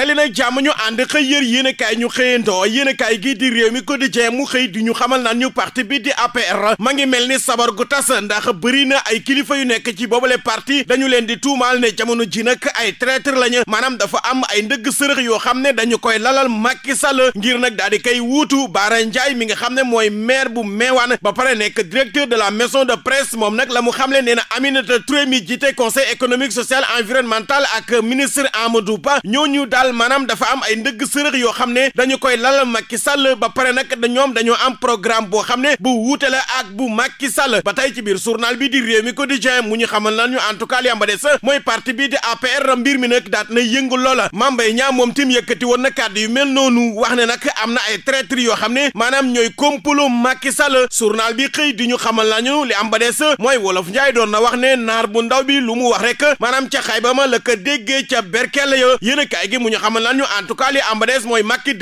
dali nag jàmm ñu ànd xëy yër yéenekaay ñu xëyantoo yéenekaay gii di réew mi quotidien mu xëy di ñu xamal naan ñu parti bi di APR ma ngi mel ni sabar gu tas ndax bëri na ay kilifa yu nekk ci boobale parti dañu leen di tuumaal ne jamono ji nag ay traître lañu maanaam dafa am ay ndëgg sërëx yoo xam ne dañu koy lalal Macky Sall ngir nag daal di koy wuutu Bara Ndiaye mi nga xam ne mooy maire bu Mewane ba pare nekk directeur de la maison de presse moom nag la mu xamle nee na Aminata Touré mi jiite conseil économique social environnemental ak ministre Amadou Ba ñooñu daal daal maanaam dafa am ay ndëgg sërëx xam ne dañu koy lalal Macky Sall ba pare nag ñoom dañoo am programme boo xam ne bu wuute la ak bu Macky Sall ba tey ci biir journal bi di Rewmi Quotidien mu ñu xamal nañu en tout cas mooy parti bi di APR mbir mi nag daat na yëngu loola Mame Mbaye Niang moom tim yëkkati woon na kàddu yu mel noonu wax ne nag am na ay traître yoo xam ne maanaam ñooy complot Macky Sall journal bi xëy di ñu xam xamal nañu li am ba des mooy wolof Njaay doon na wax ne naar bu ndaw bi lu mu wax rek maanaam ca xayba ma la ko déggee ca berkelle yo yéen a gi mu ñu xamal lan ñu en tout cas li am ba des mooy Macky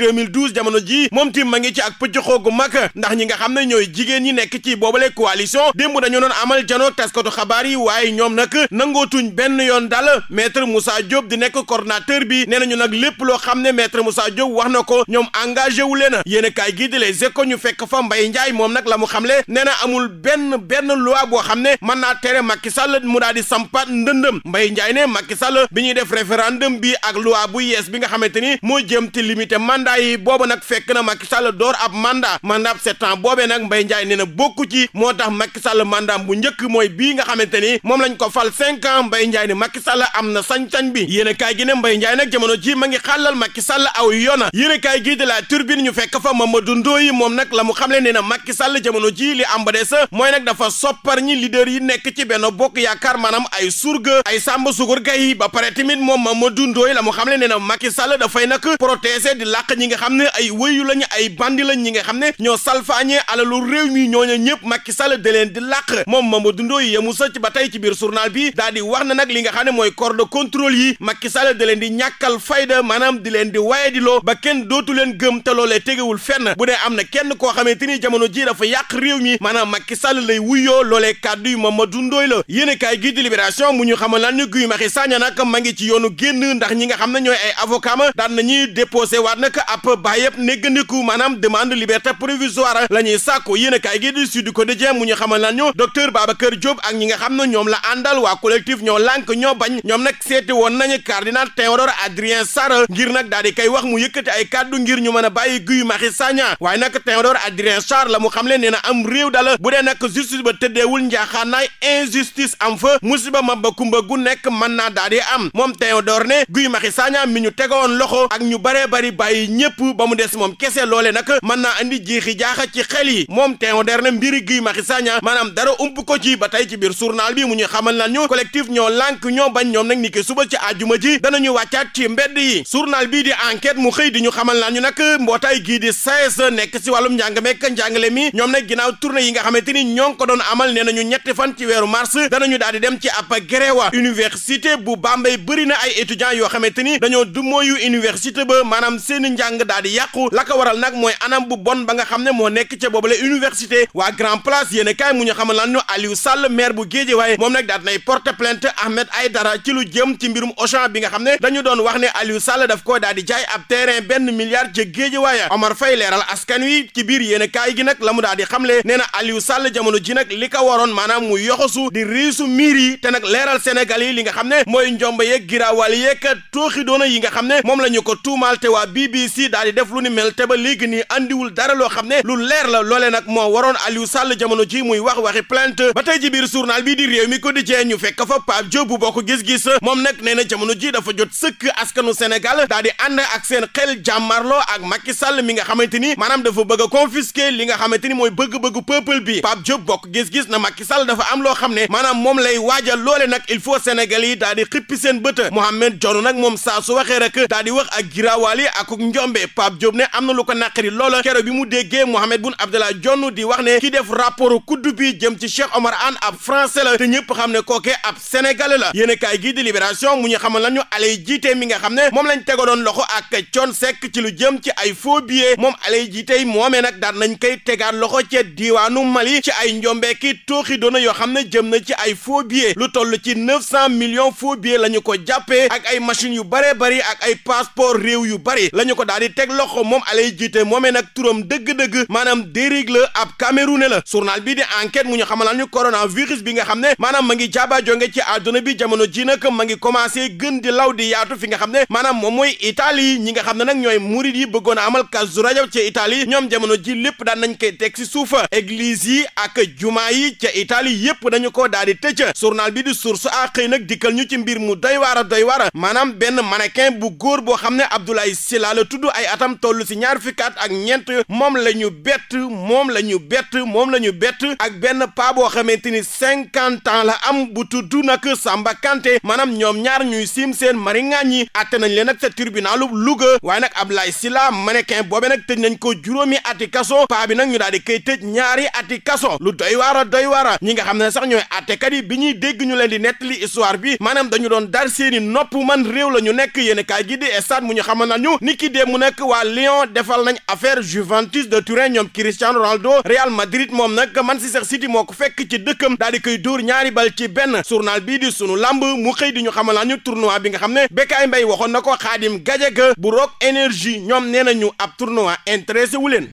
jamono ji moom ti ma ngi ci ak pëcc xoogu mag ndax ñi nga xam ne ñooy jigéen ñi nekk ci boobale coalition démb dañoo doon amal janoog taskatu xabaar yi waaye ñoom nag nangootuñ benn yoon daal maître Moussa Diop di nekk coordonnateur bi nee nañu nag lépp loo xam ne maître Moussa Diop wax na ko ñoom engagé wu leen yéen a kaay gii di Les Échos ñu fekk fa Mbaye Ndiaye moom nag la xam xamle nee na amul benn benn loi boo xam ne mën naa tere Macky Sall mu daal di sampaat ndëndëm Mbaye Ndiaye ne Macky Sall bi ñuy def référendum bi ak loi bu bees bi nga xamante ni moo jëm ci limité mandat yi nag fekk na Macky Sall door ab mandat mandat sept ans boobee nag Mbaye njaay nee na bokku ci moo tax Macky Sall mandat bu njëkk mooy bii nga xamante ni moom lañ ko fal cinq ans Mbaye Ndiaye ne Sall am na sañ bi yéen a gi ne Mbaye Ndiaye nag jamono jii ma ngi xàllal Macky Sall aw yoona yéen a kaay gi de la turbine ñu fekk fa Mamadou Ndoye moom nag la mu xamle nee na Macky Sall jamono jii li am ba des mooy nag dafa soppar ñi leader yi nekk ci benn bokk yaakaar maanaam ay surga ay sàmb sugur gay ba pare tamit moom Mamadou Ndoye la mu xamle nee na Macky Sall dafay nag protéger di làq ñi nga xam ne ay wëyu lañu ay bandi lañ ñi nga xam ne ñoo salfaañee alalu réew mi ñooñu ñëpp Macky Sall da leen di làq moom Mamadou Ndoye yemu sa ci ba tey ci biir journal bi daal di wax na nag li nga xam ne mooy corps de contrôle yi Macky Sall da leen di ñàkkal fayda maanaam di leen di waye di lool ba kenn dootu leen gëm te loole tegewul fenn bu dee am na kenn koo xamante ni jamono ji dafa yàq réew mi maanaam Macky Sall lay wuyoo loolee kàddu yu Mamadou Ndoye la yéen a kaay gi di libération ñu xamal lan ni Guy Marius Sagna nag ma ngi ci yoonu génn ndax ñi nga xam ne ñooy ay avocat ma daan nañuy déposé waat nag ab bàyyëpp néggandiku maanaam demande liberté provisoire la ñuy sàkku yéen a kaay gi di Sud Quotidien mu ñu xamal lan ñu docteur Babacar Diop ak ñi nga xam ne ñoom la àndal waa collectif ñoo lànk ñoo bañ ñoom nag seeti woon nañu cardinal Théodore Adrien Sarr ngir nag daal di kay wax mu yëkkati ay kàddu ngir ñu mën a bàyyi Guy Marius Sagna waaye nag Théodore Adrien Sarr la mu xam leen nee na am réew dala bu dee nag justice ba tëddeewul njaaxaanaay injustice am fa musiba mabba kumba gu nekk mën naa daal di am moom Théodore ne Guy Marius Sagna mi ñu ñu tegoon loxo ak ñu baree bari bàyyi ñëpp ba mu des moom kese loole nag man naa andi jiixi jaaxa ci xel yi moom teewandeer na mbiri Guy Marius Sagna maanaam dara ump ko ci ba tey ci biir journal bi mu ñu xamal lan ñu collectif ñoo lànk ñoo bañ ñoom nag ni ki suba ci àjjuma ji danañu wàccaat ci mbedd yi journal bii di enquête mu xëy di ñu xamal lan ñu nag mbootaay gii di SAES nekk si wàllum njàng mekk njàngale mi ñoom na ginnaaw tournée yi nga xamante ni ñoo ko doon amal nee nañu ñetti fan ci weeru mars daal di dem ci ab gréwa université bu Bambey bëri na ay étudiants yoo xamante ni dañoo xëytu mooyu université ba maanaam seen njàng daal di yàqu la ko waral nag mooy anam bu bon ba nga xam ne moo nekk ca boobale université waa grand place yéen a kaay mu ñu xamal lan ñu Aliou Sall maire bu Guédiawaye moom nag daal nay porter plainte Ahmed Aïdara ci lu jëm ci mbirum bi nga xam ne dañu doon wax ne Aliou Sall def koo daal jaay ab terrain benn milliard ca Guédiawaye Omar Faye leeral askan wi ci biir yéen a kaay gi nag la mu daal di xamle nee na Aliou Sall jamono ji nag li ko waroon maanaam mu yoxosu di riisu miir yi te nag leeral Sénégal yi li nga xam ne mooy njomba yeeg giraawaal yeeg tooxi nga xam ne moom la ñu ko tuumaal te waa BBC daal di def lu ni mel ba léegi nii andiwul dara loo xam ne lu leer la loolee nag moo waroon Aliou Sall jamono ji muy ji biir journal bii di réew mi ko di jee ñu fekk fa Pape Diop bu bokk gis-gis moom nag nee na jamono ji dafa jot sëkk askanu Sénégal daal di ànd ak ak Macky Sall mi nga xamante ni maanaam dafa bëgg a confisquer li nga xamante ni mooy bëgg-bëggu peuple bi Pape Diop bokk gis-gis na Macky Sall dafa am loo xam ne maanaam moom lay waajal loole nag il faut Sénégal yi daal di xippi seen bët Mohamed Dionne nag moom saa su waxee boole rek daal di wax ak giraawaali ak njombe Pape Diop ne am na lu ko naqari loola kero bi mu déggee Mohamed Boun Abdallah Dionne di wax ne ki def rapport kuddu bi jëm ci Cheikh Omar Anne ab français la te ñëpp xam ne kooke ab sénégalais la yéen a kaay gi libération mu ñu xamal lan ñu Alay Jiite mi nga xam ne moom lañ doon loxo ak Thione sekk ci lu jëm ci ay faux billets moom Alay Jiite moomee nag daan nañ koy tegaat loxo ci diwaanu Mali ci ay njombeeki tooxi doona yoo xam ne jëm na ci ay faux lu toll ci neuf cent millions faux billets la ñu ko jàppee ay machines yu bare bari ak ay passeport réew yu bari la ñu ko daal di teg loxo moom alay jiite moomee nag turam dëgg-dëgg maanaam dérig la ab camerounais la surnal bii di enquête mu ñu xamal ñu coronavirus bi nga xam ne maanaam ma ngi jaaba jonge ci àdduna bi jamono ji nag ma ngi commencé gën di law di yaatu fi nga xam ne maanaam moom mooy Italie ñi nga xam ne nag ñooy murid yi bëggoon a amal Kazu Rajab ci itaali ñoom jamono ji lépp daan nañ koy teg si suufa église yi ak jumaa yi ca Italie yépp dañu ko daal di tëj journal bi di source a xëy nag dikkal ñu ci mbir mu doy waar a doy waar maanaam médecin bu góor boo xam ne Abdoulaye Sylla la tudd ay atam toll si ñaar fukki ak ñeent moom la ñu bett moom la ñu bett moom la bett ak benn paa boo xamante ni cinquante ans la am bu tudd nag Samba Kanté maanaam ñoom ñaar ñuy siim seen maringaañ ñi atte nañ leen nag sa tribunalu Louga waaye nag Abdoulaye Sylla mannequin boobee nag tëj nañ ko juróomi ati kaso paa bi nag ñu daal di koy tëj ñaari ati kaso lu doy waara doy waara ñi nga xam ne sax ñooy attekat yi bi ñuy dégg ñu leen di nettali histoire bi maanaam dañu doon dar nopp man ñu nekk yéen yéen kaay gi di stade mu ñu xamal nañu ni ki dee mu nekk waa Lyon defal nañ affaire Juventus de Turin ñoom Cristiano Ronaldo Real Madrid moom nag Manchester City moo ko fekk ci dëkkam daal di koy dóor ñaari bal ci benn journal bii di sunu lamb mu xëy di ñu xamal nañu tournoi bi nga xam ne Bécaye Mbaye waxoon na ko Khadim Gadiaga bu Rock Énergie ñoom nee nañu ab tournoi intéressé wu leen